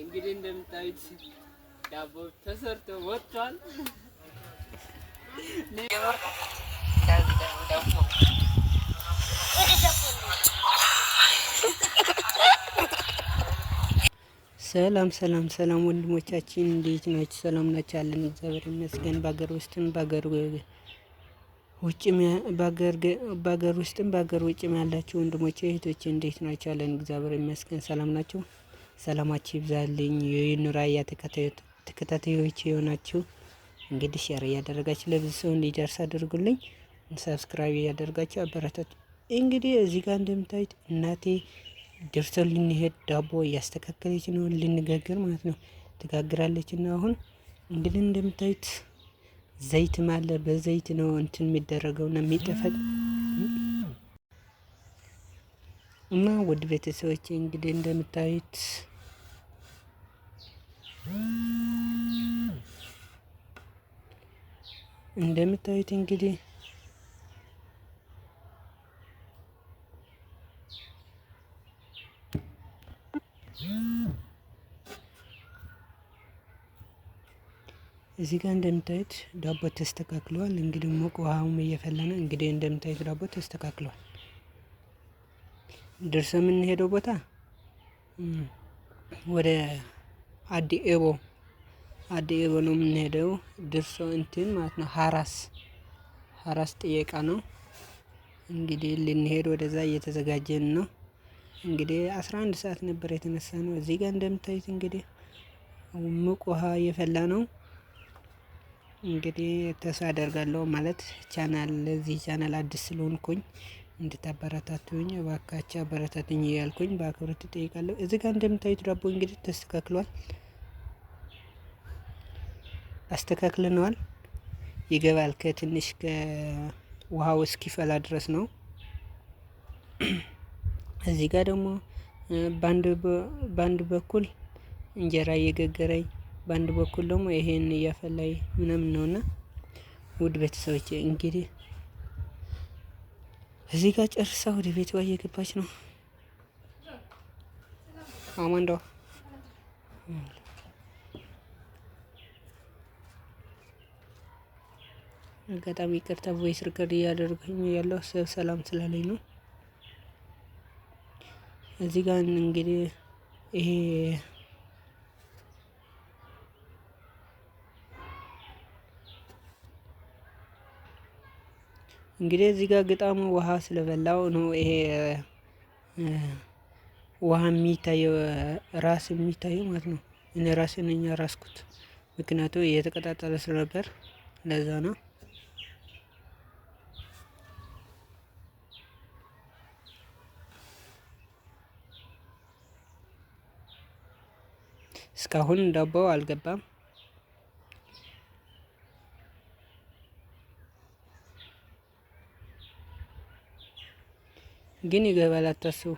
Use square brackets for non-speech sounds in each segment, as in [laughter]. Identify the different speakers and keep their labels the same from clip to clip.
Speaker 1: እንግዲህ እንደምታዩት ዳቦ ተሰርቶ ወጥቷል። ሰላም ሰላም ሰላም ወንድሞቻችን እንዴት ናችሁ? ሰላም ናችሁ? አለን እግዚአብሔር ይመስገን። በሀገር ውስጥም በሀገር ውጭም በሀገር ውስጥም በሀገር ውጭም ያላችሁ ወንድሞቼ እህቶች እንዴት ናችሁ? አለን እግዚአብሔር ይመስገን። ሰላም ናችሁ? ሰላማችሁ ይብዛልኝ። የኑራያ ተከታታዮች የሆናችሁ እንግዲህ ሼር እያደረጋችሁ ለብዙ ሰው እንዲደርስ አድርጉልኝ። ሰብስክራይብ እያደረጋችሁ አበረታቱ። እንግዲህ እዚህ ጋር እንደምታዩት እናቴ ደርሰን ልንሄድ ዳቦ እያስተካከለች ነው ልንጋግር ማለት ነው። ትጋግራለች እና አሁን እንግዲህ እንደምታዩት ዘይትም አለ። በዘይት ነው እንትን የሚደረገው ና የሚጠፈቅ እና ውድ ቤተሰቦች እንግዲህ እንደምታዩት እንደምታዩት እንግዲህ እዚህ ጋር እንደምታዩት ዳቦ ተስተካክለዋል። እንግዲህ ሞቅ ውሃውም እየፈላ ነው። እንግዲህ እንደምታዩት ዳቦ ተስተካክለዋል። ደርሰ የምንሄደው ቦታ ወደ አዲ ኤቦ አዲ ኤቦ ነው የምንሄደው። ድርሶ እንትን ማለት ነው ሀራስ ሀራስ ጥየቃ ነው እንግዲህ ልንሄድ ወደዛ እየተዘጋጀን ነው። እንግዲህ አስራ አንድ ሰዓት ነበር የተነሳ ነው። እዚህ ጋር እንደምታዩት እንግዲህ ሙቅ ውሃ እየፈላ ነው። እንግዲህ ተስፋ አደርጋለሁ ማለት ቻናል ለዚህ ቻናል አዲስ ስለሆንኩኝ እንድታበረታቱኝ እባካችሁ አበረታቱኝ እያልኩኝ በአክብሮት እጠይቃለሁ። እዚህ ጋር እንደምታዩት ዳቦ እንግዲህ ተስተካክሏል፣ አስተካክልነዋል። ይገባል ከትንሽ ከውሃው እስኪፈላ ድረስ ነው። እዚህ ጋር ደግሞ በአንድ በኩል እንጀራ እየገገረኝ በአንድ በኩል ደግሞ ይሄን እያፈላይ ምናምን ነውና፣ ውድ ቤተሰቦች እንግዲህ እዚህ ጋር ጨርሳ ወደ ቤቷ እየገባች ነው አማንዳ አጋጣሚ ይቅርታ ቮይስ ሪከርድ እያደረገኝ ያለው ሰላም ስላለኝ ነው። እዚህ ጋር እንግዲህ ይሄ እንግዲህ እዚህ ጋር ግጣሙ ውሃ ስለበላው ነው ይሄ ውሃ የሚታየው ራስ የሚታየው ማለት ነው። እኔ ራሴን እኛ ራስኩት ምክንያቱ እየተቀጣጠለ ስለነበር ለዛ ነው። እስካሁን ዳቦ አልገባም። ግን ይገባል፣ አታስቡ።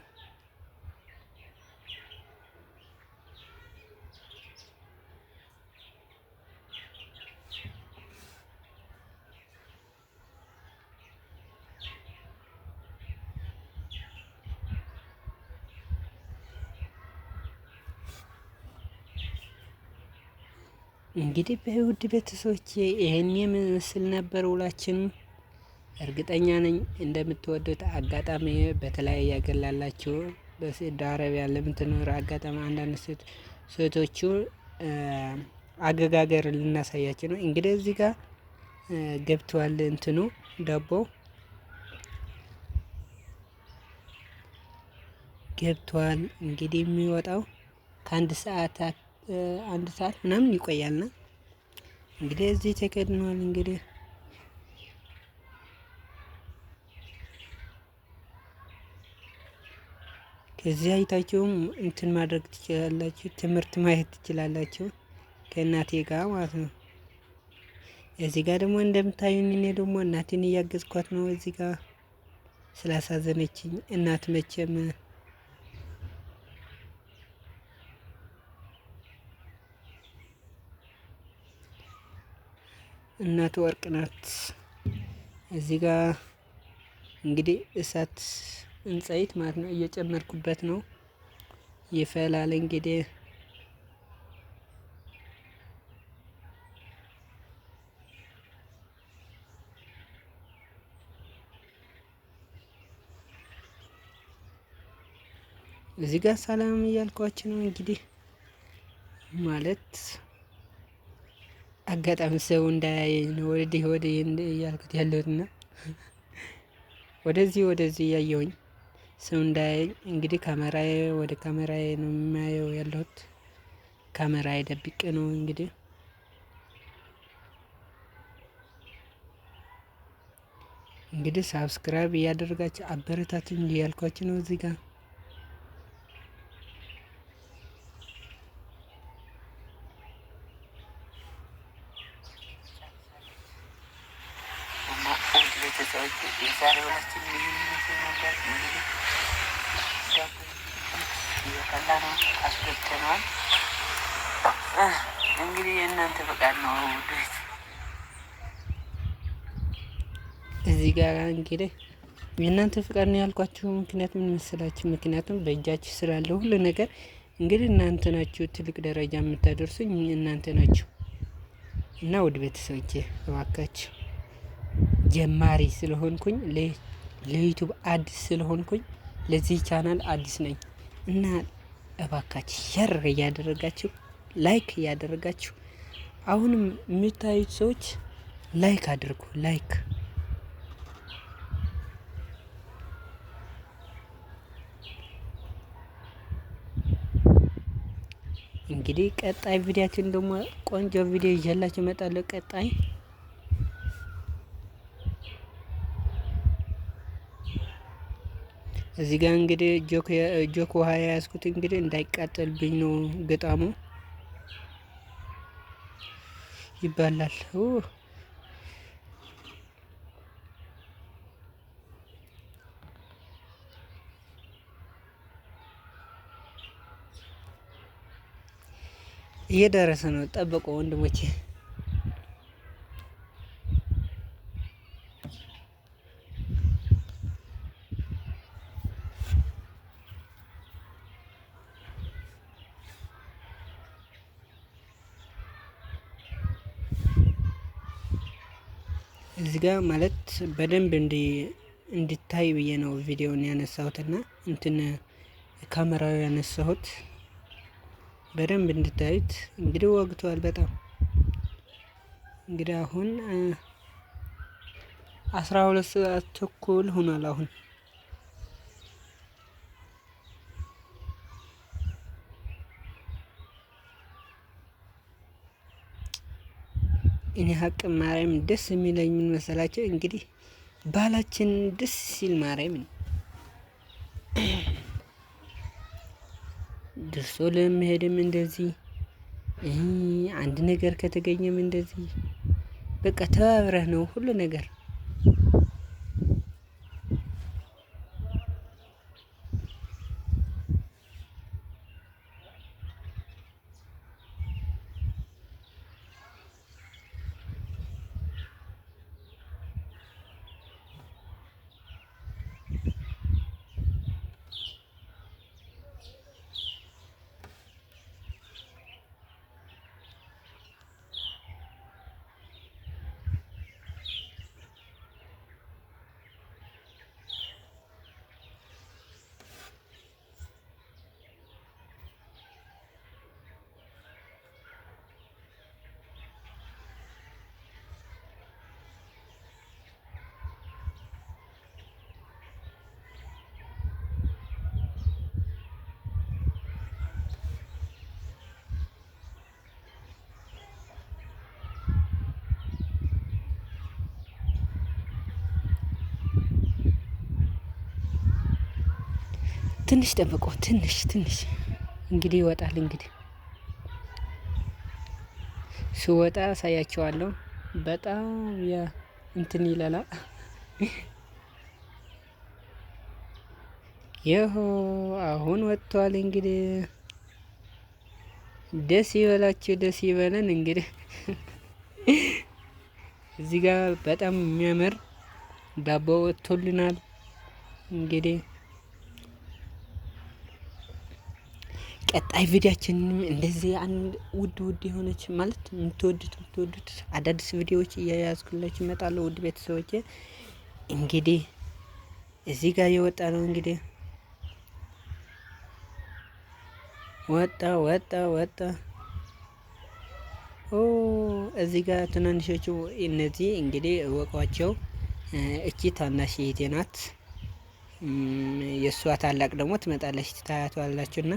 Speaker 1: እንግዲህ በውድ ቤተሰቦች ይህን የምስል ነበር ውላችን። እርግጠኛ ነኝ እንደምትወዱት። አጋጣሚ በተለያየ ሀገር ላላችሁ በስድ አረቢያ ለምትኖር አጋጣሚ አንዳንድ ሴት ሴቶቹ አገጋገር ልናሳያችሁ ነው። እንግዲህ እዚህ ጋር ገብተዋል እንትኑ ዳቦ ገብተዋል። እንግዲህ የሚወጣው ከአንድ ሰዓት አንድ ሰዓት ምናምን ይቆያልና እንግዲህ እዚህ ተከድነዋል እንግዲህ ከዚህ አይታችሁም እንትን ማድረግ ትችላላችሁ፣ ትምህርት ማየት ትችላላችሁ ከእናቴ ጋር ማለት ነው። እዚህ ጋር ደግሞ እንደምታዩኝ እኔ ደግሞ እናቴን እያገዝኳት ነው። እዚህ ጋር ስላሳዘነችኝ እናት መቼም እናት ወርቅ ናት። እዚህ ጋር እንግዲህ እሳት እንጸይት ማለት ነው እየጨመርኩበት ነው ይፈላል እንግዲህ እዚህ ጋር ሰላም እያልኳችሁ ነው እንግዲህ ማለት አጋጣሚ ሰው እንዳያየኝ ነው ወደ ወደ እያልኩት ያለሁትና ወደዚህ ወደዚህ እያየሁኝ ሰው እንዳያየኝ እንግዲህ ካሜራዬ ወደ ካሜራዬ ነው የሚያየው ያለሁት። ካሜራዬ ደብቄ ነው እንግዲህ እንግዲህ ሳብስክራይብ እያደረጋችሁ አበረታትኝ እያልኳችሁ ነው እዚህ ጋር የዛሬ አስጠላን፣ አስገድነዋል። እንግዲህ የእናንተ ፈቃድ ነው። ውድት እዚህ ጋር እንግዲህ የእናንተ ፍቃድ ነው ያልኳችሁ ምክንያት ምን መሰላችሁ? ምክንያቱም በእጃችሁ ስላለ ሁሉ ነገር እንግዲህ እናንተ ናችሁ ትልቅ ደረጃ የምታደርሱኝ እናንተ ናችሁ። እና ውድ ቤተሰቦች እባካችሁ ጀማሪ ስለሆንኩኝ ለዩቱብ አዲስ ስለሆንኩኝ ለዚህ ቻናል አዲስ ነኝ እና እባካችሁ ሸር እያደረጋችሁ ላይክ እያደረጋችሁ አሁንም የምታዩት ሰዎች ላይክ አድርጉ። ላይክ እንግዲህ ቀጣይ ቪዲያችን ደግሞ ቆንጆ ቪዲዮ ይዤላችሁ እመጣለሁ። ቀጣይ እዚህ ጋር እንግዲህ ጆክ ውሃ የያዝኩት እንግዲህ እንዳይቃጠልብኝ ነው። ገጣሙ ይባላል። እየደረሰ ነው። ጠበቁ ወንድሞቼ። እዚህ ጋር ማለት በደንብ እንዲታይ ብዬ ነው ቪዲዮን ያነሳሁትና እንትን ካሜራው ያነሳሁት በደንብ እንድታዩት። እንግዲህ ወግቷል በጣም እንግዲህ አሁን አስራ ሁለት ሰዓት ተኩል ሆኗል አሁን እኔ ሀቅ ማርያም ደስ የሚለኝ ምን መሰላቸው? እንግዲህ ባህላችን ደስ ሲል ማርያም ድርሶ ለመሄድም እንደዚህ አንድ ነገር ከተገኘም እንደዚህ በቃ ተባብረህ ነው ሁሉ ነገር ትንሽ ጠብቆ ትንሽ ትንሽ እንግዲህ ይወጣል። እንግዲህ ስወጣ አሳያቸዋለሁ። በጣም ያ እንትን ይለላ ይሆ [laughs] አሁን ወጥቷል። እንግዲህ ደስ ይበላችሁ፣ ደስ ይበለን። እንግዲህ [laughs] እዚህ ጋር በጣም የሚያምር ዳቦ ወጥቶልናል እንግዲህ ቀጣይ ቪዲያችንም እንደዚህ አንድ ውድ ውድ የሆነች ማለት የምትወዱት የምትወዱት አዳዲስ ቪዲዮዎች እያያዝኩላችሁ ይመጣሉ። ውድ ቤተሰቦች እንግዲህ እዚህ ጋር የወጣ ነው እንግዲህ ወጣ ወጣ ወጣ። ኦ እዚህ ጋር ትናንሾቹ እነዚህ እንግዲህ እወቋቸው። እቺ ታናሽ እህቴ ናት። የእሷ ታላቅ ደግሞ ትመጣለች። ታያቷላችሁና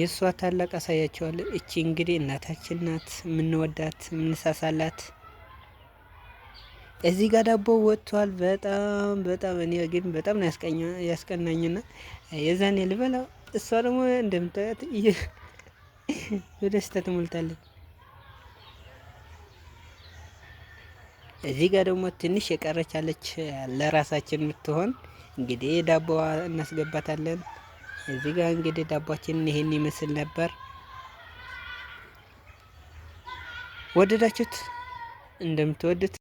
Speaker 1: የእሷ ታላቅ አሳያቸዋል እቺ እንግዲህ እናታችን ናት፣ የምንወዳት የምንሳሳላት። እዚህ ጋር ዳቦ ወጥቷል። በጣም በጣም እኔ ግን በጣም ነው ያስቀናኝና የዛኔ ልበላው። እሷ ደግሞ እንደምታያት [laughs] በደስታ ትሞልታለች። እዚህ ጋር ደግሞ ትንሽ የቀረች ለራሳችን የምትሆን እንግዲህ ዳቦዋ እናስገባታለን። እዚህ ጋር እንግዲህ ዳባችን ይሄን ይመስል ነበር። ወደዳችሁት እንደምትወዱት